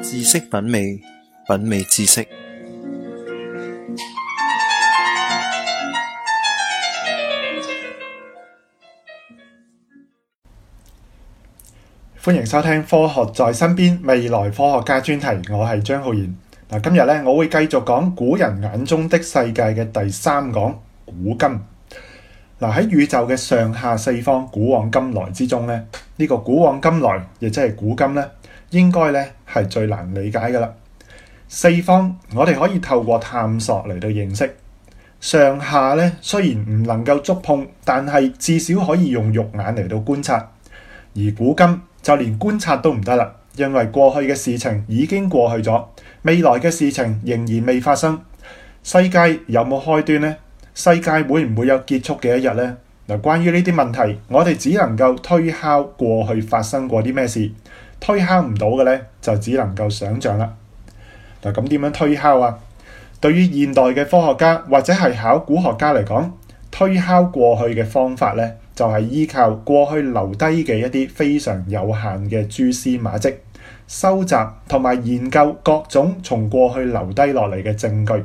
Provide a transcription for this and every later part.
知識品味，品味知識。歡迎收聽《科學在身邊》未來科學家專題，我係張浩然。嗱，今日呢我會繼續講古人眼中的世界嘅第三講古今。嗱，喺宇宙嘅上下四方，古往今來之中呢，呢個古往今來亦即係古今呢。應該咧係最難理解嘅啦。四方我哋可以透過探索嚟到認識。上下咧，雖然唔能夠觸碰，但係至少可以用肉眼嚟到觀察。而古今就連觀察都唔得啦，因為過去嘅事情已經過去咗，未來嘅事情仍然未發生。世界有冇開端呢？世界會唔會有結束嘅一日呢？嗱，關於呢啲問題，我哋只能夠推敲過去發生過啲咩事。推敲唔到嘅咧，就只能夠想像啦。嗱，咁點樣推敲啊？對於現代嘅科學家或者係考古學家嚟講，推敲過去嘅方法咧，就係依靠過去留低嘅一啲非常有限嘅蛛絲馬跡，收集同埋研究各種從過去留低落嚟嘅證據。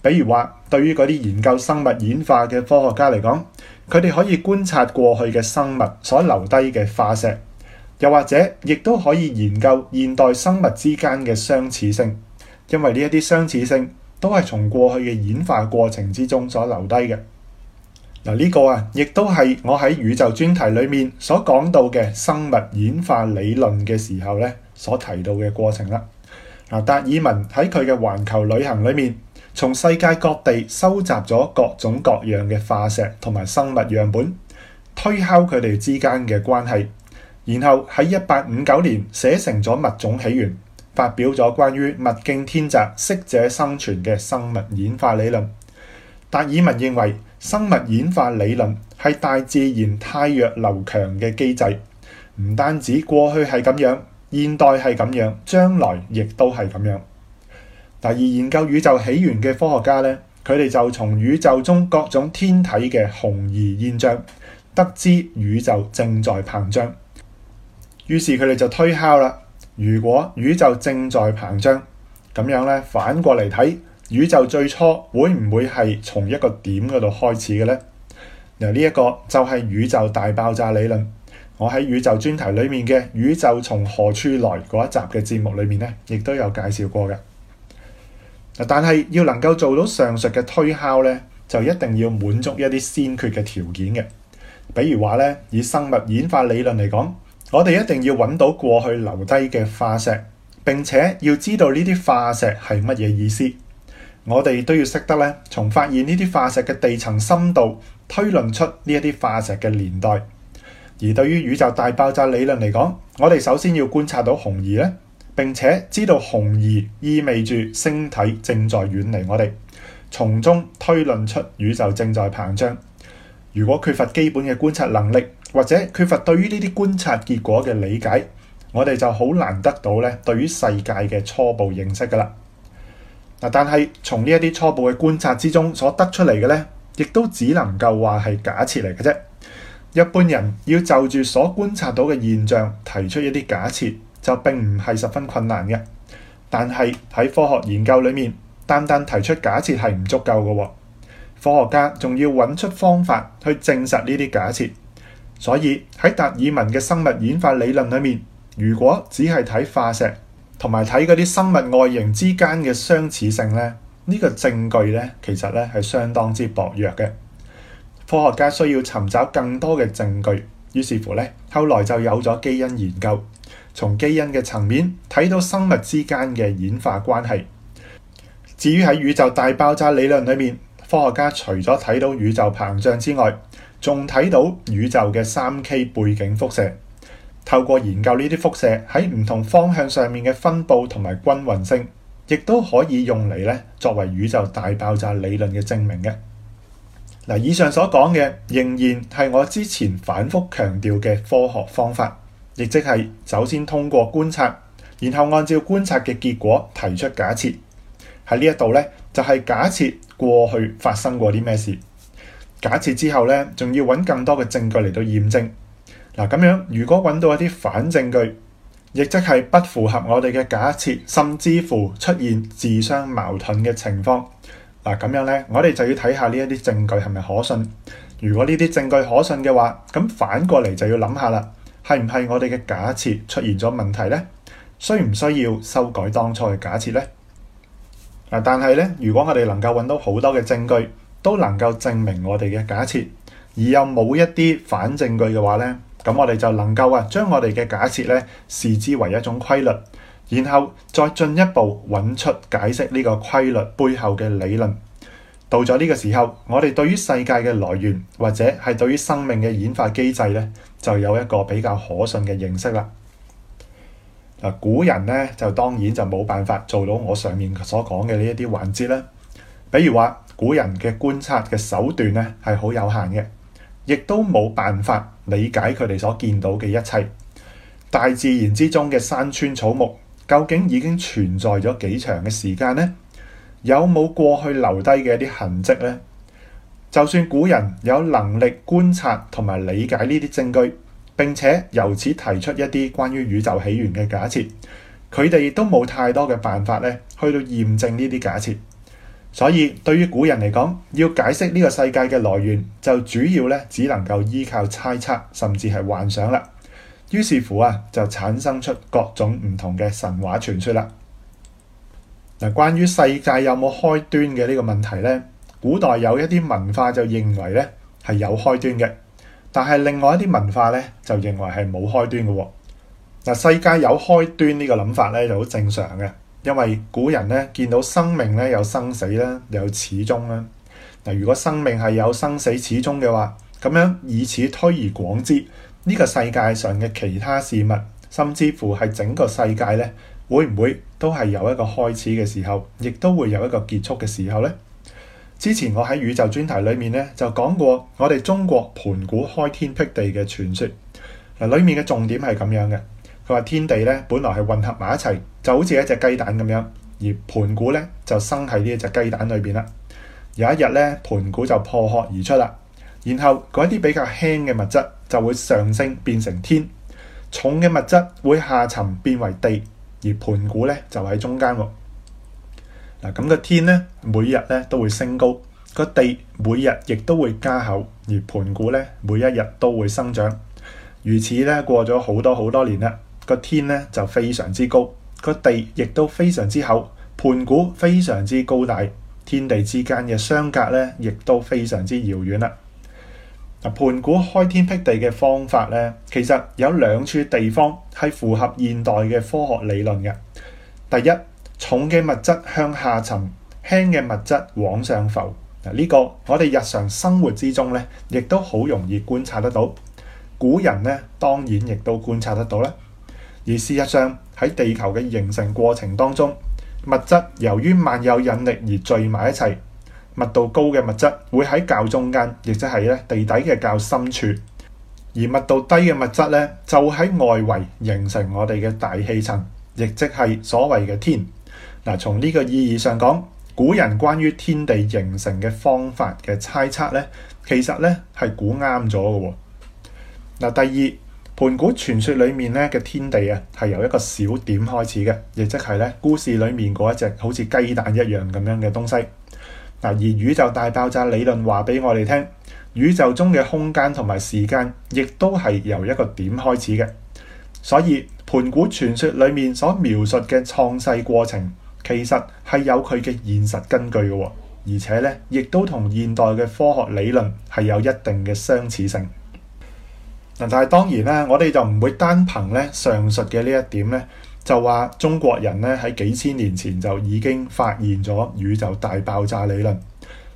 比如話，對於嗰啲研究生物演化嘅科學家嚟講，佢哋可以觀察過去嘅生物所留低嘅化石。又或者，亦都可以研究現代生物之間嘅相似性，因為呢一啲相似性都係從過去嘅演化過程之中所留低嘅。嗱，呢個啊，亦都係我喺宇宙專題裏面所講到嘅生物演化理論嘅時候咧，所提到嘅過程啦。嗱，達爾文喺佢嘅環球旅行裏面，從世界各地收集咗各種各樣嘅化石同埋生物樣本，推敲佢哋之間嘅關係。然後喺一八五九年寫成咗《物種起源》，發表咗關於物競天擇、適者生存嘅生物演化理論。達爾文認為生物演化理論係大自然汰弱留強嘅機制，唔單止過去係咁樣，現代係咁樣，將來亦都係咁樣。第二，研究宇宙起源嘅科學家咧，佢哋就從宇宙中各種天體嘅紅移現象，得知宇宙正在膨脹。於是佢哋就推敲啦。如果宇宙正在膨脹，咁樣咧，反過嚟睇宇宙最初會唔會係從一個點嗰度開始嘅咧？嗱，呢一個就係宇宙大爆炸理論。我喺宇宙專題裏面嘅《宇宙從何處來》嗰一集嘅節目裏面咧，亦都有介紹過嘅。但係要能夠做到上述嘅推敲咧，就一定要滿足一啲先決嘅條件嘅，比如話咧，以生物演化理論嚟講。我哋一定要揾到過去留低嘅化石，並且要知道呢啲化石係乜嘢意思。我哋都要識得咧，從發現呢啲化石嘅地層深度推論出呢一啲化石嘅年代。而對於宇宙大爆炸理論嚟講，我哋首先要觀察到紅移咧，並且知道紅移意味住星體正在遠離我哋，從中推論出宇宙正在膨脹。如果缺乏基本嘅觀察能力，或者缺乏對於呢啲觀察結果嘅理解，我哋就好難得到咧對於世界嘅初步認識㗎喇。但係從呢一啲初步嘅觀察之中所得出嚟嘅咧，亦都只能夠話係假設嚟嘅啫。一般人要就住所觀察到嘅現象提出一啲假設，就並唔係十分困難嘅。但係喺科學研究裏面，單單提出假設係唔足夠嘅。科學家仲要揾出方法去證實呢啲假設。所以喺達爾文嘅生物演化理論裏面，如果只係睇化石同埋睇嗰啲生物外形之間嘅相似性咧，呢個證據咧其實咧係相當之薄弱嘅。科學家需要尋找更多嘅證據，於是乎咧後來就有咗基因研究，從基因嘅層面睇到生物之間嘅演化關係。至於喺宇宙大爆炸理論裏面。科學家除咗睇到宇宙膨脹之外，仲睇到宇宙嘅三 K 背景輻射。透過研究呢啲輻射喺唔同方向上面嘅分佈同埋均勻性，亦都可以用嚟咧作為宇宙大爆炸理論嘅證明嘅。嗱，以上所講嘅仍然係我之前反覆強調嘅科學方法，亦即係首先通過觀察，然後按照觀察嘅結果提出假設。喺呢一度咧。就係假設過去發生過啲咩事，假設之後咧，仲要揾更多嘅證據嚟到驗證。嗱，咁樣如果揾到一啲反證據，亦即係不符合我哋嘅假設，甚至乎出現自相矛盾嘅情況。嗱，咁樣咧，我哋就要睇下呢一啲證據係咪可信。如果呢啲證據可信嘅話，咁反過嚟就要諗下啦，係唔係我哋嘅假設出現咗問題呢？需唔需要修改當初嘅假設呢？嗱，但係咧，如果我哋能夠揾到好多嘅證據，都能夠證明我哋嘅假設，而又冇一啲反證據嘅話咧，咁我哋就能夠啊，將我哋嘅假設咧視之為一種規律，然後再進一步揾出解釋呢個規律背後嘅理論。到咗呢個時候，我哋對於世界嘅來源或者係對於生命嘅演化機制咧，就有一個比較可信嘅認識啦。古人咧就當然就冇辦法做到我上面所講嘅呢一啲環節啦。比如話，古人嘅觀察嘅手段咧係好有限嘅，亦都冇辦法理解佢哋所見到嘅一切。大自然之中嘅山川草木，究竟已經存在咗幾長嘅時間呢？有冇過去留低嘅一啲痕跡呢？就算古人有能力觀察同埋理解呢啲證據，並且由此提出一啲關於宇宙起源嘅假設，佢哋亦都冇太多嘅辦法咧，去到驗證呢啲假設。所以對於古人嚟講，要解釋呢個世界嘅來源，就主要咧只能夠依靠猜測，甚至係幻想啦。於是乎啊，就產生出各種唔同嘅神話傳說啦。嗱，關於世界有冇開端嘅呢個問題咧，古代有一啲文化就認為咧係有開端嘅。但係另外一啲文化咧，就認為係冇開端嘅。嗱，世界有開端呢個諗法咧就好正常嘅，因為古人咧見到生命咧有生死啦，有始終啦。嗱，如果生命係有生死始終嘅話，咁樣以此推而廣之，呢個世界上嘅其他事物，甚至乎係整個世界咧，會唔會都係有一個開始嘅時候，亦都會有一個結束嘅時候咧？之前我喺宇宙專題裏面咧就講過，我哋中國盤古開天闢地嘅傳說。嗱，裏面嘅重點係咁樣嘅，佢話天地咧本來係混合埋一齊，就好似一隻雞蛋咁樣，而盤古咧就生喺呢一隻雞蛋裏邊啦。有一日咧，盤古就破殼而出啦，然後嗰啲比較輕嘅物質就會上升變成天，重嘅物質會下沉變為地，而盤古咧就喺中間喎。嗱，咁個天咧，每日咧都會升高；個地每日亦都會加厚，而盤古咧，每一日都會生長。如此咧，過咗好多好多年啦，個天咧就非常之高，個地亦都非常之厚，盤古非常之高大，天地之間嘅相隔咧，亦都非常之遙遠啦。嗱，盤古開天闢地嘅方法咧，其實有兩處地方係符合現代嘅科學理論嘅。第一。重嘅物質向下沉，輕嘅物質往上浮。嗱、這個，呢個我哋日常生活之中咧，亦都好容易觀察得到。古人咧，當然亦都觀察得到啦。而事實上喺地球嘅形成過程當中，物質由於萬有引力而聚埋一齊，密度高嘅物質會喺較中間，亦即係咧地底嘅較深處；而密度低嘅物質咧就喺外圍形成我哋嘅大氣層，亦即係所謂嘅天。嗱，從呢個意義上講，古人關於天地形成嘅方法嘅猜測咧，其實咧係估啱咗嘅喎。嗱，第二，盤古傳說裡面咧嘅天地啊，係由一個小點開始嘅，亦即係咧故事裡面嗰一隻好似雞蛋一樣咁樣嘅東西。嗱，而宇宙大爆炸理論話俾我哋聽，宇宙中嘅空間同埋時間亦都係由一個點開始嘅，所以盤古傳說裡面所描述嘅創世過程，其實係有佢嘅現實根據嘅，而且咧亦都同現代嘅科學理論係有一定嘅相似性。嗱，但係當然啦，我哋就唔會單憑咧上述嘅呢一點咧，就話中國人咧喺幾千年前就已經發現咗宇宙大爆炸理論。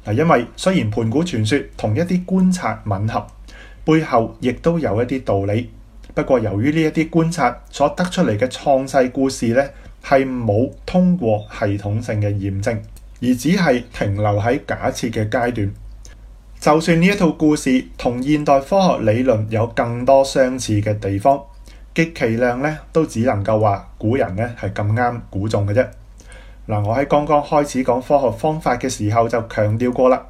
嗱，因為雖然盤古傳說同一啲觀察吻合，背後亦都有一啲道理。不過由於呢一啲觀察所得出嚟嘅創世故事咧，係冇通過系統性嘅驗證，而只係停留喺假設嘅階段。就算呢一套故事同現代科學理論有更多相似嘅地方，極其量咧都只能夠話古人咧係咁啱估中嘅啫。嗱，我喺剛剛開始講科學方法嘅時候就強調過啦，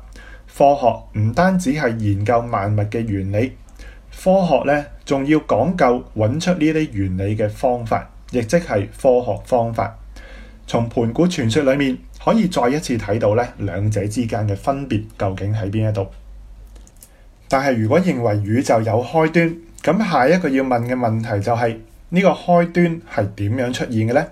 科學唔單止係研究萬物嘅原理，科學咧仲要講究揾出呢啲原理嘅方法。亦即係科學方法，從盤古傳說裏面可以再一次睇到咧，兩者之間嘅分別究竟喺邊一度。但係如果認為宇宙有開端，咁下一個要問嘅問題就係呢個開端係點樣出現嘅呢？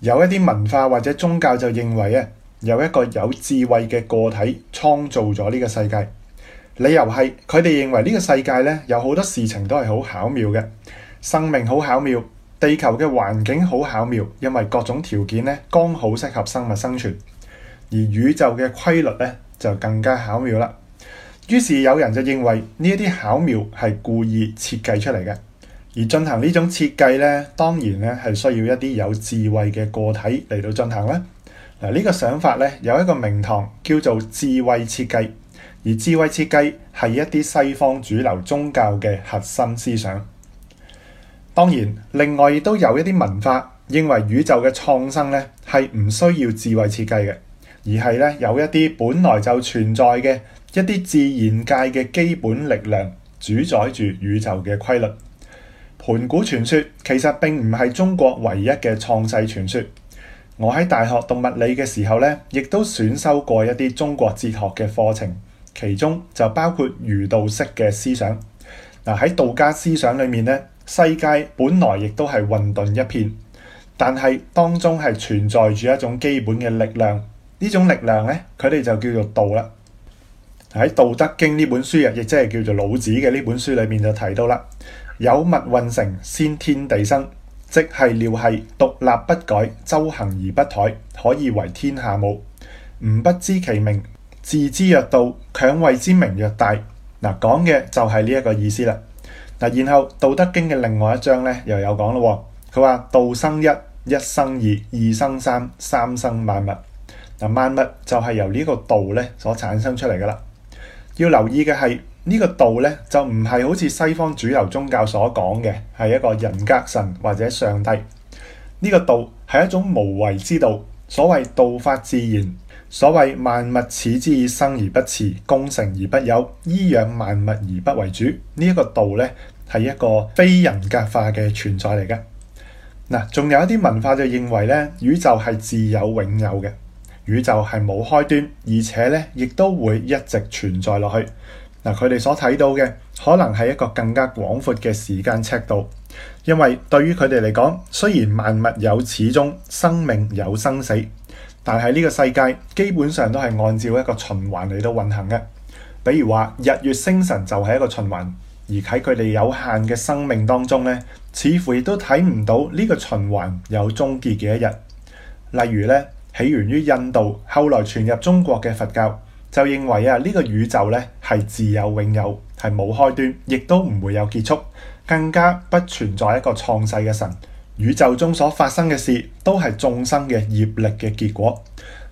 有一啲文化或者宗教就認為啊，有一個有智慧嘅個體創造咗呢個世界。理由係佢哋認為呢個世界咧有好多事情都係好巧妙嘅，生命好巧妙。地球嘅環境好巧妙，因為各種條件咧剛好適合生物生存，而宇宙嘅規律咧就更加巧妙啦。於是有人就認為呢一啲巧妙係故意設計出嚟嘅，而進行呢種設計咧，當然咧係需要一啲有智慧嘅個體嚟到進行啦。嗱，呢個想法咧有一個名堂叫做智慧設計，而智慧設計係一啲西方主流宗教嘅核心思想。當然，另外亦都有一啲文化認為宇宙嘅創生咧係唔需要智慧設計嘅，而係咧有一啲本來就存在嘅一啲自然界嘅基本力量主宰住宇宙嘅規律。盤古傳說其實並唔係中國唯一嘅創世傳說。我喺大學讀物理嘅時候咧，亦都選修過一啲中國哲學嘅課程，其中就包括儒道式嘅思想。嗱，喺道家思想裏面咧。世界本來亦都係混沌一片，但係當中係存在住一種基本嘅力量，呢種力量咧，佢哋就叫做道啦。喺《道德經》呢本書啊，亦即係叫做老子嘅呢本書裏面就提到啦：有物運成，先天地生，即係料係獨立不改，周行而不殆，可以為天下母。吾不知其名，自知曰道，強為之名曰大。嗱，講嘅就係呢一個意思啦。嗱，然後《道德經》嘅另外一章咧又有講咯。佢話道生一，一生二，二生三，三生萬物。嗱，萬物就係由呢個道咧所產生出嚟噶啦。要留意嘅係呢個道咧，就唔係好似西方主流宗教所講嘅係一個人格神或者上帝。呢個道係一種無為之道，所謂道法自然。所謂萬物始之以生而不辭，功成而不有，依養萬物而不為主。呢一個道咧，係一個非人格化嘅存在嚟嘅。嗱，仲有一啲文化就認為咧，宇宙係自有永有嘅，宇宙係冇開端，而且咧亦都會一直存在落去。嗱，佢哋所睇到嘅可能係一個更加廣闊嘅時間尺度，因為對於佢哋嚟講，雖然萬物有始終，生命有生死。但係呢個世界基本上都係按照一個循環嚟到運行嘅，比如話日月星辰就係一個循環，而喺佢哋有限嘅生命當中咧，似乎亦都睇唔到呢個循環有終結嘅一日。例如咧，起源於印度，後來傳入中國嘅佛教就認為啊，呢個宇宙咧係自有永有，係冇開端，亦都唔會有結束，更加不存在一個創世嘅神。宇宙中所發生嘅事，都係眾生嘅業力嘅結果。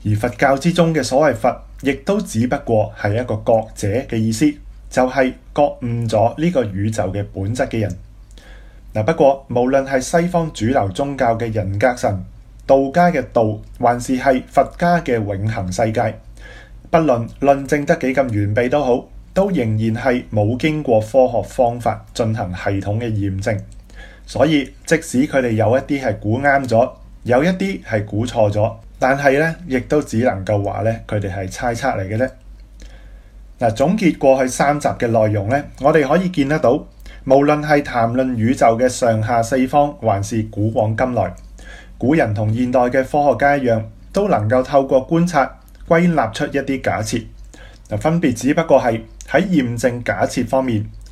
而佛教之中嘅所謂佛，亦都只不過係一個覺者嘅意思，就係覺悟咗呢個宇宙嘅本質嘅人。嗱，不過無論係西方主流宗教嘅人格神、道家嘅道，還是係佛家嘅永恆世界，不論論證得幾咁完備都好，都仍然係冇經過科學方法進行系統嘅驗證。所以，即使佢哋有一啲係估啱咗，有一啲係估錯咗，但係咧，亦都只能夠話咧，佢哋係猜測嚟嘅咧。嗱，總結過去三集嘅內容咧，我哋可以見得到，無論係談論宇宙嘅上下四方，還是古往今來，古人同現代嘅科學家一樣，都能夠透過觀察歸納出一啲假設。嗱，分別只不過係喺驗證假設方面。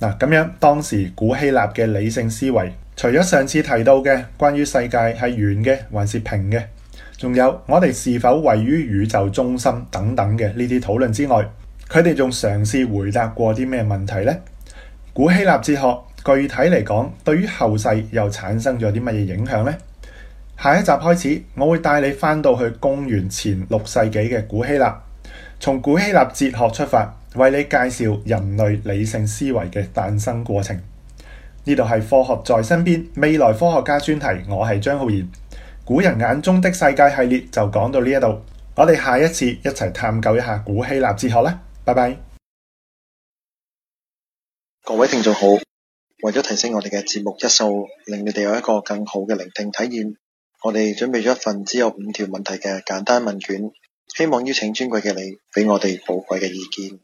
嗱，咁樣，當時古希臘嘅理性思維，除咗上次提到嘅關於世界係圓嘅還是平嘅，仲有我哋是否位於宇宙中心等等嘅呢啲討論之外，佢哋仲嘗試回答過啲咩問題呢？古希臘哲學具體嚟講，對於後世又產生咗啲乜嘢影響呢？下一集開始，我會帶你翻到去公元前六世紀嘅古希臘，從古希臘哲學出發。為你介紹人類理性思維嘅誕生過程。呢度係科學在身邊未來科學家專題。我係張浩然。古人眼中的世界系列就講到呢一度。我哋下一次一齊探究一下古希臘哲學啦。拜拜！各位聽眾好，為咗提升我哋嘅節目質素，令你哋有一個更好嘅聆聽體驗，我哋準備咗一份只有五條問題嘅簡單問卷，希望邀請尊貴嘅你俾我哋寶貴嘅意見。